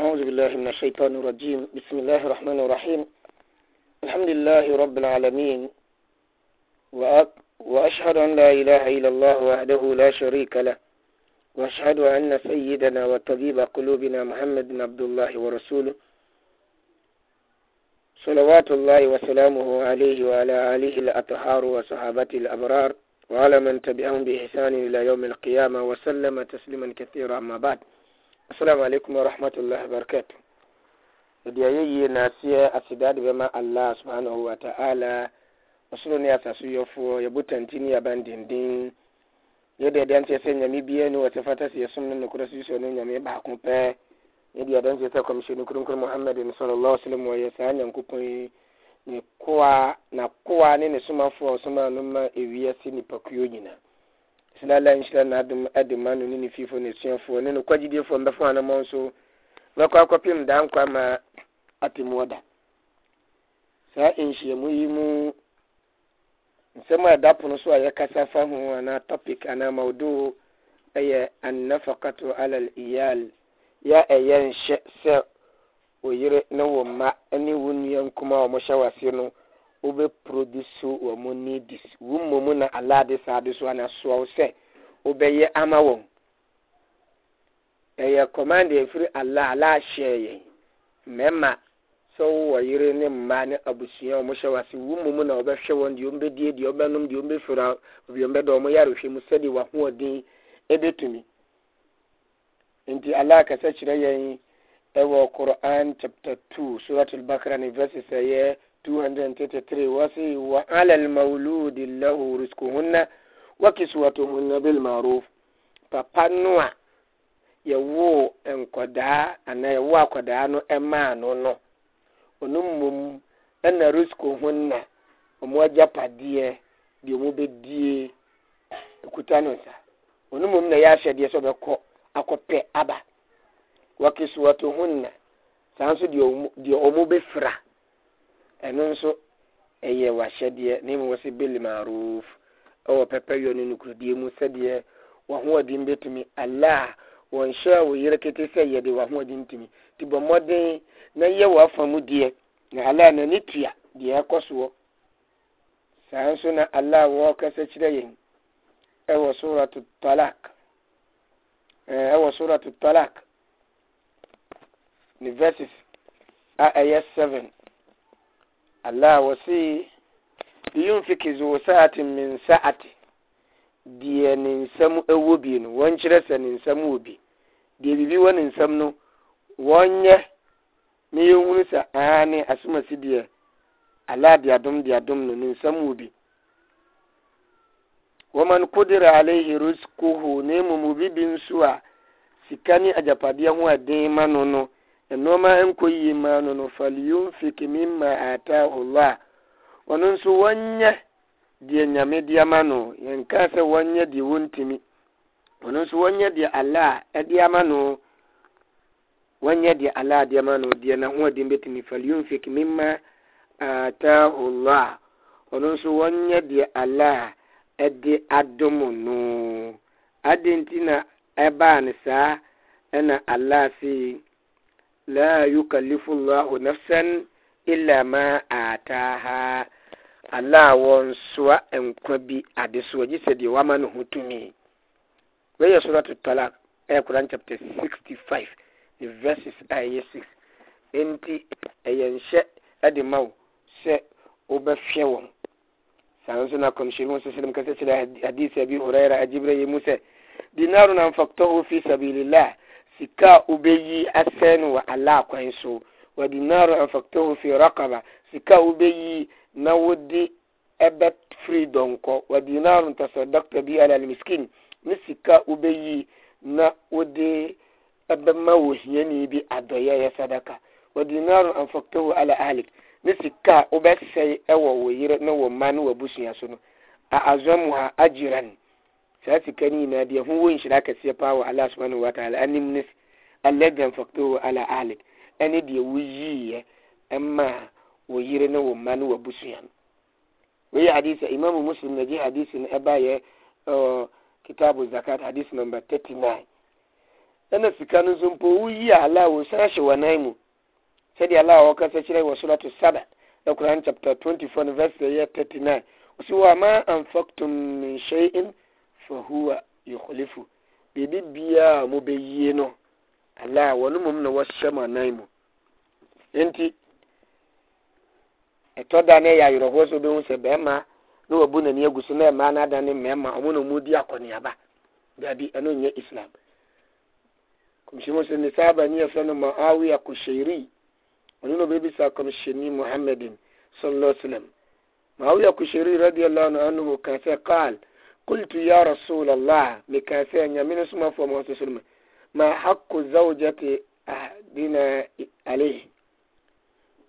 أعوذ بالله من الشيطان الرجيم بسم الله الرحمن الرحيم الحمد لله رب العالمين وأشهد أن لا إله إلا الله وحده لا شريك له وأشهد أن سيدنا وطبيب قلوبنا محمد بن عبد الله ورسوله صلوات الله وسلامه عليه وعلى آله الأطهار وصحابته الأبرار وعلى من تبعهم بإحسان إلى يوم القيامة وسلم تسليما كثيرا أما بعد assalamu alaikum wa rahmatullahi wa barakatuh da ya yi na siya a sidadi bema allah subhanahu wa ta'ala wasu ne a sasu ya fuwa ya butanti ni ya ban dindin yadda yadda ce sai nyami biye ne wata fata siya sun nuna kuda su yi ne nyami ba kun fɛ yadda yadda ce sai kwamishini kurun kurun muhammadin sallallahu alaihi wasallam wa ya sa yan ne kowa na kowa ne ne suma fuwa suma numa ewiya si ni pakuyo nyina sena la nhyira na adom ade ma no ne ne fifo ne suafoɔ ne no kwagyidiefoɔ mbɛfo anamɔ nso mɛkɔ akɔpem daa nkwa ma atemmuɔ da saa nhyiamu yi mu nsɛm a ɛda pono so a yɛkasa fa ho anaa topic anaa mawdoo ɛyɛ annafakato ala iyal yɛ ɛyɛ nhyɛ sɛ oyere ne wo mma ne wo nnua nkuma a wɔhyɛ wase no wobɛproduce wɔ needs wo na allah de so anasoa sɛ wobɛyɛ ama wɔn ɛyɛ command ɛfiri ala allah hyɛɛ yɛn mmarima sɛ wowɔ yere ne mma ne abusua a wo na wɔbɛhwɛ wɔn deɛ wɔmbɛdie deɛ wɔbɛnom deɛ wɔmbɛfira deɛ wɔmbɛda wɔn yarehwɛ mu sɛdeɛ ɛbɛtumi nti kyerɛ yɛn ɛwɔ chapter two surat al ne verses ɛyɛ 233 wasi wa alal mauludi lahu rizquhunna wa kiswatuhunna bil ma'ruf papa no a yɛwo nkɔdaa anaa yɛwo akɔdaa no ɛmaa no no ɔno mmom ɛna rizquhunna ɔmo agyapadeɛ deɛ ɔmo bɛdie ekuta no nsa ɔno mmom na yɛahyɛdeɛ sɛ ɔbɛkɔ akɔpɛ aba wa kiswatuhunna saa nso deɛ ɔmo bɛfira ɛno nso ɛyɛ wahyɛdeɛ na mmom wɔsi bili maruf ɛwɔ pɛpɛyɔ ne nukurudeɛ mu sɛdeɛ wɔhoɔden bɛtumi allah wɔnhyɛ a wɔyere kete sɛ yɛde wɔhoɔden tumi nti bɔ mmɔden na yɛ wɔafa mu deɛ na allah n'ani tua deɛ ɛkɔ soɔ saa nso na wɔn wɔɔkasa kyerɛ yɛn ɛwɔ suratu tutalak ɛwɔ sora tutalak ne verses a ɛyɛ seven Allah wasi se liyunfiki zu min sa'ati deɛ ne nsɛm ɛwɔ bi no wɔn kyerɛ sɛ ne nsɛm wɔ bi deɛ biribi wɔ ne nsɛm no wɔn ne yɛn sɛ aa ne asomasi deɛ Allah de adom de adom no ne nsɛm wɔ bi wɔman kodira alayhi rizquhu ne mmom obi bi nso a sika ne agyapadeɛ ho ɛden ma no no nneɛma nkɔ yie ma no no faliyunfik mimma ataahu llah ɔno nso wɔnyɛ deɛ nyame de ama no yɛnka sɛ wɔnyɛ deɛ wɔntumi ɔno nso wɔnyɛ deɛ allah ɛde ama no wɔnyɛ deɛ allah de ama no deɛ n'ahoɔden bɛtumi faliyunfik mimma ataahu llah ɔno nso wɔnyɛ deɛ allah ɛde e adom no adɛn nti e e na ɛbaa no saa ɛna allah sei la yukallifullahu nafsan illa ma ataha Allah wɔ nsoa nkwa bi adesoa gye sɛ deɛ wama no ho tumi weyɛ suratu talak ɛyɛ koran chapter 65 verses a ɛyɛ 6 enti ɛyɛ nhyɛ ɛde ma wo sɛ wobɛhwɛ wɔn saa nso na kɔmhyɛni wɔn sɛsɛnɛm kasa kyerɛ hadis abi huraira agyibra yɛ mu sɛ dinarun anfaqtahu fi sabilillah sika a wobɛyi asɛe no wɔ ala kwan so wadinaro ɛfɔktoho fi rakaba sika a wobɛyi na wode ɛbɛ firi dɔnkɔ wadinaro ntasadakta bi ala miskin. ne sika a wobɛyi na wode ɛbɛma wɔ hiani bi adɔyɛ yɛ sadaka wadinaro ɛfɔktoho ala alik. ne sika a wobɛsɛe ɛwɔ wɔ yere ne wɔ ma ne wɔ abusua so no a azɔmu ha agyiran saa sika no nyinaa deɛ ho wɔ nhyira kɛseɛ paa wɔ allah subhanahu wataala anim ne alladhi anfaqtahu ala ahlik ɛne deɛ woyiiɛ ɛmaa wo yere ne wo mma ne wabusua no wei hadis a imam muslim hadis no kitabu zakat hadis number 39 ɛna sika no nso mpo woyi a ala wo san hyɛ w'anan mu sɛdeɛ ala a wɔkasa kyerɛ wɔ ɛkoran chapter 24 verse 39 ɔsi wɔ ama anfaqtum min shay'in fahuwa yukhlifu biribi biara a mobɛyie no ala wɔn mom na wɔhyɛ mu anan mu nti ɛtɔ da no yɛ ayerɛhoɔ so wobɛhu sɛ bɛrima na wabu n'ani agu so na mmaa no ada ne mmarima ɔmo na ɔmo di akɔneaba baabi ɛno nyɛ islam kɔmhyɛmu sɛ ne saa abani yɛfrɛ no maawi akɔhyɛri ɔno na ɔbɛbisa kɔmhyɛni muhammadin sallallahu alaihi wasallam maawi akɔhyɛri radiyallahu anhu kan sɛ kaal قلت يا رسول الله مكافئا يمين سما فما تسلم ما حق زوجة أحدنا عليه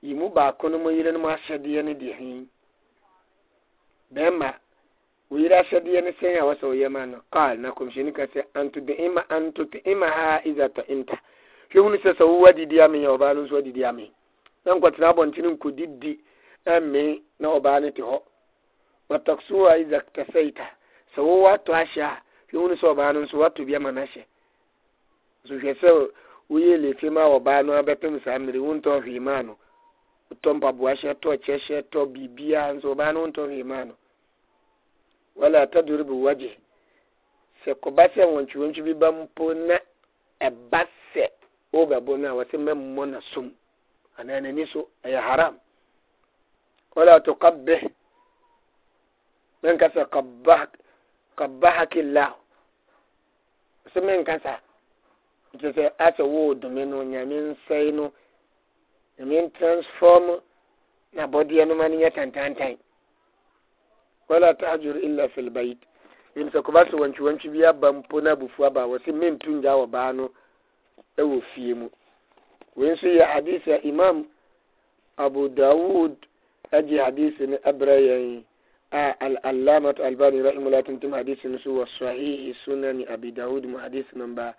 yimu baako no mu yere no mu ahyɛdeɛ no deɛ he bɛrima wo yere ahyɛdeɛ no sɛn a wɔsɛ woyɛ ma no kaal na kɔmhyɛni ka sɛ anto de ima anto te ima ha iza tɔ inta hwɛ hunu sɛ sɛ wowɔ adidi ame a ɔbaa no nso adidi ame na nkɔtena abɔntene nkɔdidi ame na ɔbaa no te hɔ wataksuwa iza tasaita sɛ wowɔ atɔ ahyɛ a hwehunu sɛ ɔbaa no nso woatɔ bi ama no ahyɛ nso hwɛ sɛ woyɛ lefe ma a ɔbaa no abɛpem saa mmere wontɔ hwee maa no wotɔ mpaboa hyɛ tɔ kyɛ hyɛ tɔ biribiaa nso ɔbaa no wontɔ hwee maa no wala tadore bi wagye sɛ kɔba sɛ wɔntwiwɔntwi bi ba mpo na ɛba sɛ wobɛbɔ no a wɔsɛ mɛmmɔ na som anaa n'ani so ɛyɛ haram wala tokabbe menkasɛ kabah kabahakillah sɛmɛ nkasa nti sɛ asɛ wo dome no nyame nsɛe no nyame transform na bɔdeɛ no ma no nyɛ tantantan wala tahjur illa fil bait nim sɛ kɔba sɛ wantwiwantwi bi aba mpo na abufu aba wɔ sɛ mentu ngya wɔ baa no ɛwɔ fie mu wei nso yɛ hadis a imam abu dawud agye hadis no ɛbrɛ yɛn العلامة الباني رحمه الله تنتم حديث نسو الصحيح سنن أبي داود حديث نمبر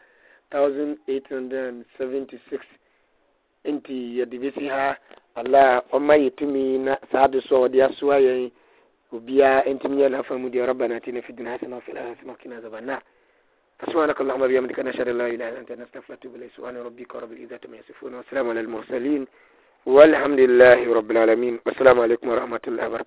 1876 انت يدبسها الله وما يتمي سعد الصواد يسوى يعني وبيا انت من يلهف مدي ربنا اتنا في الدنيا حسنه وفي الاخره حسنه وقنا عذاب النار فسبحانك اللهم وبحمدك نشهد ان لا اله الا انت نستغفرك ونتوب اليك سبحان ربك رب العزه عما يصفون والسلام على المرسلين والحمد لله رب العالمين والسلام عليكم ورحمه الله وبركاته